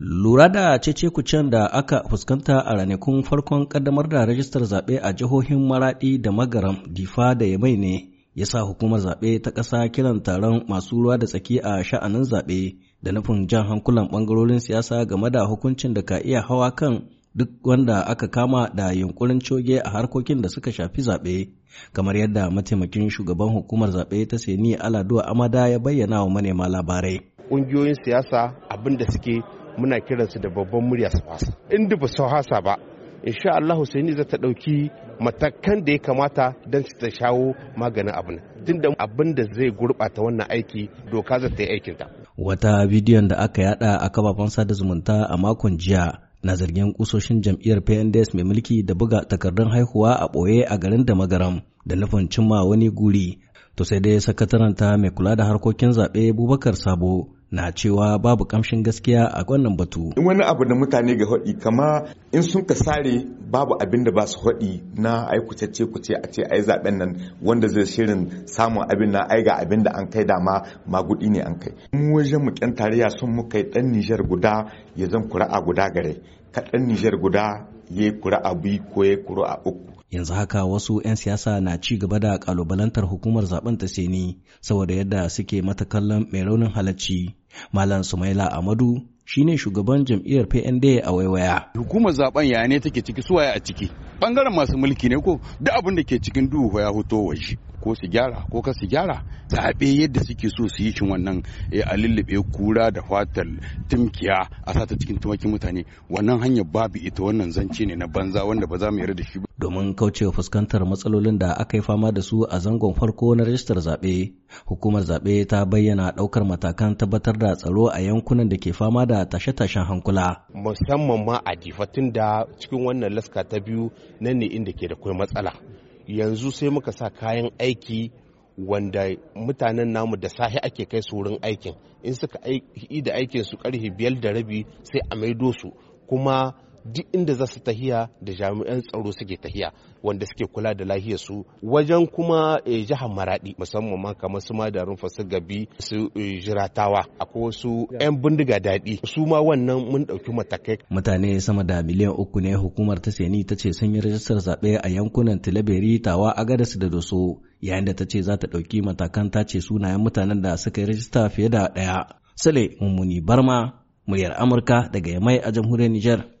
Lura da cece-kucen da aka fuskanta a ranakun farkon kaddamar da rajistar zaɓe a jihohin Maraɗi da Magaram, Difa da Yamai ne, ya sa hukumar zaɓe ta ƙasa kiran taron masu ruwa da tsaki a sha'anin zaɓe da nufin jan hankulan ɓangarorin siyasa game da hukuncin da ka iya hawa kan duk wanda aka kama da yunkurin coge a harkokin da suka shafi zaɓe, kamar yadda mataimakin shugaban hukumar zaɓe ta Seni Aladuwa Amada ya bayyana wa manema labarai. Ƙungiyoyin siyasa abin da suke muna kiransu da babban murya su fasa in ba su hasa ba insha Allah Husaini za ta ɗauki matakan da ya kamata don su ta shawo maganin abin tun da abin da zai gurɓata wannan aiki doka zai ta yi aikin ta Wata bidiyon da aka yada a kafafen sada zumunta a makon jiya na zargin kusoshin jam'iyyar PNDS mai mulki da buga takardun haihuwa a ɓoye a garin da magaram da nufin cimma wani guri. To sai dai ta mai kula da harkokin zaɓe Bubakar Sabo na cewa babu kamshin gaskiya a wannan batu. in Wani abu da mutane ga haɗi kama in sun ka sare babu abin da ba su haɗi na ai kucece kuce a ce ai zaben nan wanda zai shirin samun abin na ai ga abin da an kai dama magudi ne an kai. Mu wajen mu kyan tarayya sun mu kai ɗan Nijar guda ya zan kura'a guda gare. Ka ɗan Nijar guda ya yi kura'a biyu ko ya kura'a uku. yanzu haka wasu 'yan siyasa na ci gaba da kalubalantar hukumar zaben ta seni saboda yadda suke mata kallon mai raunin halacci Malam Sumaila Amadu ne shugaban jam'iyyar PND a waiwaya. Hukumar zaben yaya ne take ciki suwaye a ciki. Bangaren masu mulki ne ko duk abin da ke cikin duhu ya hoto waje. ko su gyara ko ka su gyara zaɓe yadda suke so su yi shi wannan eh, a lullube kura da fatal timkiya a sata cikin tumakin mutane wannan hanyar babu ita wannan zance ne na banza wanda ba za mu yarda da shi ba. domin kaucewa fuskantar matsalolin da aka yi fama da su a zangon farko na rajistar zaɓe hukumar zaɓe ta bayyana ɗaukar matakan tabbatar da tsaro a yankunan da ke fama da tashe-tashen hankula musamman ma a tun da cikin wannan laska ta biyu nan ne inda ke da kai matsala yanzu sai muka sa kayan aiki wanda mutanen namu da sahi ake kai su wurin aikin in suka yi da aikin su karfe biyar da rabi sai a maido su kuma duk inda za su tahiya da jami'an tsaro suke tahiya wanda suke kula da lahiyar su wajen kuma eh, jihar maradi musamman ma kamar su madarin fasu gabi su eh, jiratawa akwai wasu 'yan bindiga daɗi su ma wannan mun ɗauki matakai mutane sama da miliyan uku ne hukumar ta seni ta ce sun yi rajistar zaɓe a yankunan tilaberi tawa agadas da doso yayin da ta ce za ta ɗauki matakan ta ce sunayen mutanen da suka yi rajista fiye da ɗaya. Sale Mummuni Barma, muryar Amurka daga Yamai a jamhuriyar Nijar.